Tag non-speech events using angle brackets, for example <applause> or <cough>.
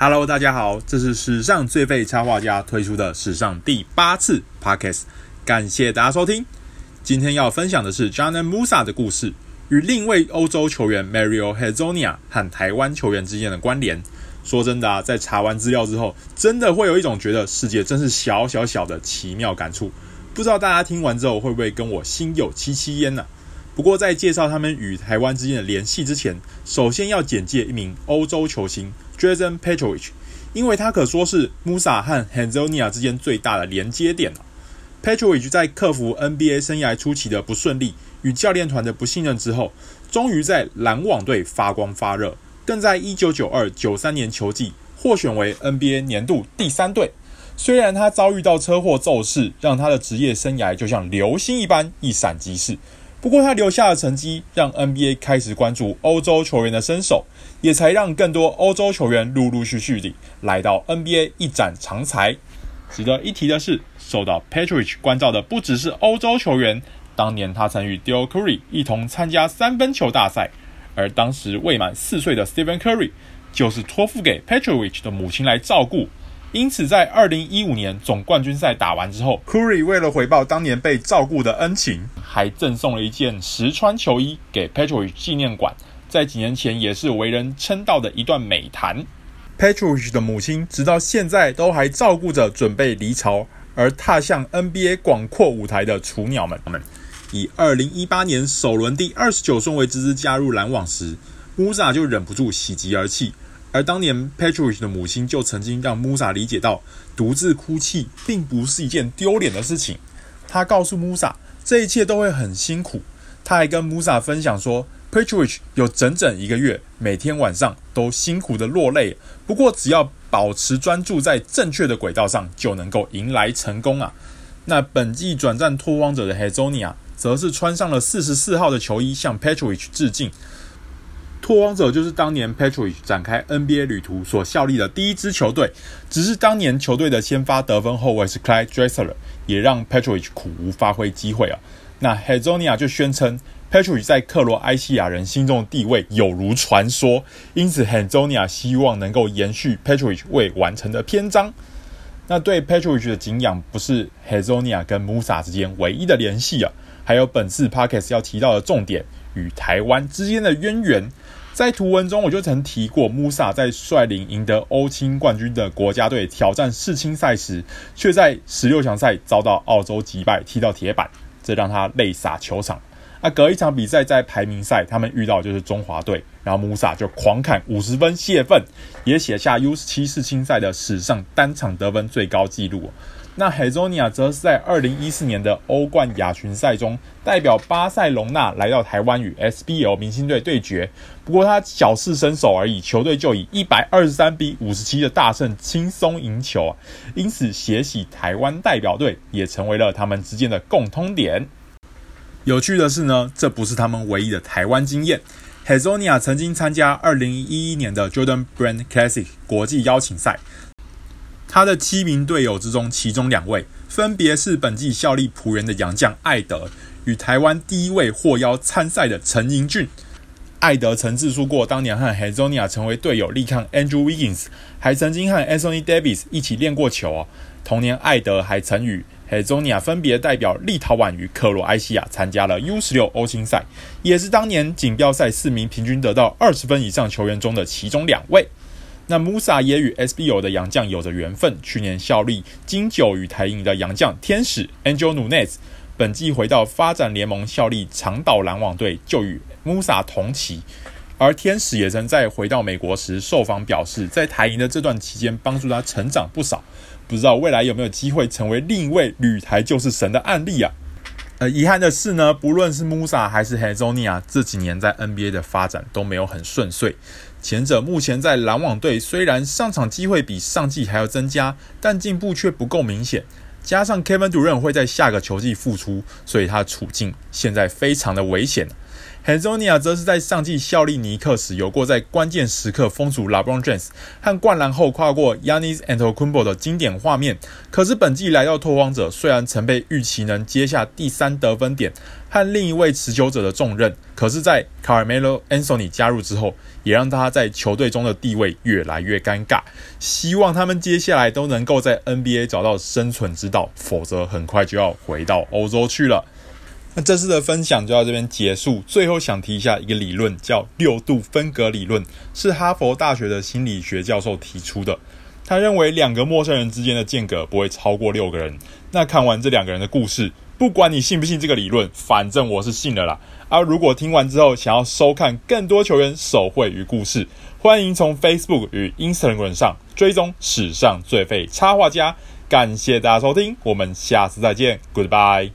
Hello，大家好，這是史上最廢插畫家推出的史上第八次 Podcast，感謝大家收聽。今天要分享的是 Dzanan Musa 的故事與另一位歐洲球員 Mario Hezonja 和台灣球員之間的關聯。說真的、啊，在查完資料之後，真的會有一種覺得世界真是小小小的奇妙感觸。不知道大家聽完之後會不會跟我心有戚戚焉呢、啊？不過在介紹他們與台灣之間的聯繫之前，首先要簡介一名歐洲球星。Jason Petrovich，因為他可說是 Musa 和 Hezonja 之間最大的連接點了。Petrovich 在克服 NBA 生涯初期的不順利與教練團的不信任之後，終於在籃網隊發光發熱，更在1992-93年球季獲選為 NBA 年度第三隊。雖然他遭遇到車禍驟逝，讓他的職業生涯就像流星一般一閃即逝。不過他留下的成績，讓 NBA 開始關注歐洲球員的身手，也才讓更多歐洲球員陸陸續續地來到 NBA 一展長才。值得一提的是，受到 Petrich 關照的不只是歐洲球員，當年他曾與 Dell Curry 一同參加三分球大賽，而當時未滿四歲的 Stephen Curry 就是托付給 Petrich 的母親來照顧。因此，在二零一五年總冠軍賽打完之後，Curry 為了回報當年被照顧的恩情，還贈送了一件實穿球衣給 Patrick 紀念館。在幾年前，也是為人稱道的一段美談。Patrick 的母親直到現在都還照顧着準備離巢而踏向 NBA 廣闊舞台的雛鳥們。他們以二零一八年首輪第二十九順位之姿加入籃網時，Musa <noise> 就忍不住喜極而泣。而當年 Petrović 的母親就曾經讓 Musa 理解到，獨自哭泣並不是一件丟臉的事情。她告訴 Musa，這一切都會很辛苦。他還跟 Musa 分享說，Petrović 有整整一個月，每天晚上都辛苦的落淚。不過只要保持專注在正確的軌道上，就能夠迎來成功啊。那本季轉戰拓荒者的 Hezonja，則是穿上了四十四號的球衣，向 Petrović 致敬。拓荒者就是當年 Petrović 展開 NBA 旅途所效力的第一支球隊，只是當年球隊的先發得分後衛是 Clyde Drexler 也讓 Petrović 苦無發揮機會啊。那 Hezonja 就宣稱 Petrović 在克羅埃西亞人心中的地位有如傳說，因此 Hezonja 希望能夠延續 Petrović 未完成的篇章。那對 Petrović 的敬仰不是 Hezonja 跟 Musa 之間唯一的聯繫啊，還有本次 Podcast 要提到的重點與台灣之間的淵源。在圖文中，我就曾提過，穆薩在率領贏得歐青冠軍的國家隊挑戰世青賽時，卻在十六強賽遭到澳洲擊敗，踢到鐵板，這讓他淚灑球場。啊，隔一場比賽在排名賽，他們遇到的就是中華隊，然後穆薩就狂砍五十分洩憤，也寫下 U17 世青賽的史上單場得分最高紀錄。那 Hezonja 則是在二零一四年的歐冠亞巡賽中，代表巴塞隆納來到台灣與 SBL 明星隊對決。不過他小試身手而已，球隊就以一百二十三比五十七的大勝輕鬆贏球。因此，血洗台灣代表隊也成為了他們之間的共通點。有趣的是呢，這不是他們唯一的台灣經驗。Hezonja 曾經參加二零一一年的 Jordan Brand Classic 國際邀請賽。他的七名隊友之中，其中兩位分別是本季效力璞園的洋將艾德與台灣第一位獲邀參賽的陳盈駿。艾德曾自述過，當年和 Hezonja 成為隊友，力抗 Andrew Wiggins，還曾經和 Anthony Davis 一起練過球。同年，艾德還曾與 Hezonja 分別代表立陶宛與克羅埃西亞參加了 U16 歐青賽，也是當年錦標賽四名平均得到二十分以上球員中的其中兩位。那穆薩也與 SBL 的洋將有着緣分，去年效力金酒與台銀的洋將天使 Angel Nunez，本季回到發展聯盟效力長島籃網隊，就與穆薩同期。而天使也曾在回到美國時受訪表示，在台銀的這段期間幫助他成長不少，不知道未來有沒有機會成為另一位旅台就是神的案例啊？呃，遺憾的是呢，不論是 Musa 還是 Hezonja 這幾年在 NBA 的發展都沒有很順遂。前者目前在籃網隊，雖然上場機會比上季還要增加，但進步卻不夠明顯。加上 Kevin Durant 會在下個球季復出，所以他處境現在非常的危險。Hezonja 則是在上季效力尼克時，有過在關鍵時刻封住 LeBron James 和灌籃後跨過 Yannis Antetokounmpo 的經典畫面。可是本季來到拓荒者，雖然曾被預期能接下第三得分點和另一位持球者的重任，可是，在 Carmelo Anthony 加入之後，也讓他在球隊中的地位越來越尷尬。希望他們接下來都能夠在 NBA 找到生存之道，否則很快就要回到歐洲去了。那這次的分享就到這邊結束。最後想提一下一個理論，叫六度分隔理論，是哈佛大學的心理學教授提出的。他認為兩個陌生人之間的間隔不會超過六個人。那看完這兩個人的故事，不管你信不信這個理論，反正我是信了啦。而、啊、如果聽完之後想要收看更多球員手繪與故事，歡迎從 Facebook 與 Instagram 上追蹤史上最廢插畫家。感謝大家收聽，我們下次再見，Goodbye。